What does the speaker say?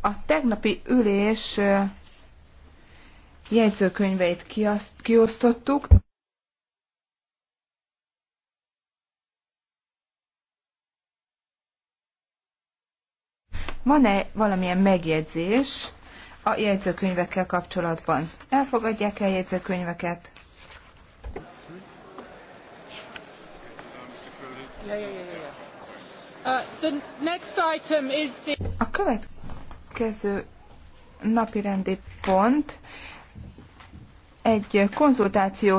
A tegnapi ülés jegyzőkönyveit kiosztottuk. Van-e valamilyen megjegyzés a jegyzőkönyvekkel kapcsolatban? Elfogadják-e uh, a jegyzőkönyveket? A következő következő napirendi pont egy konzultáció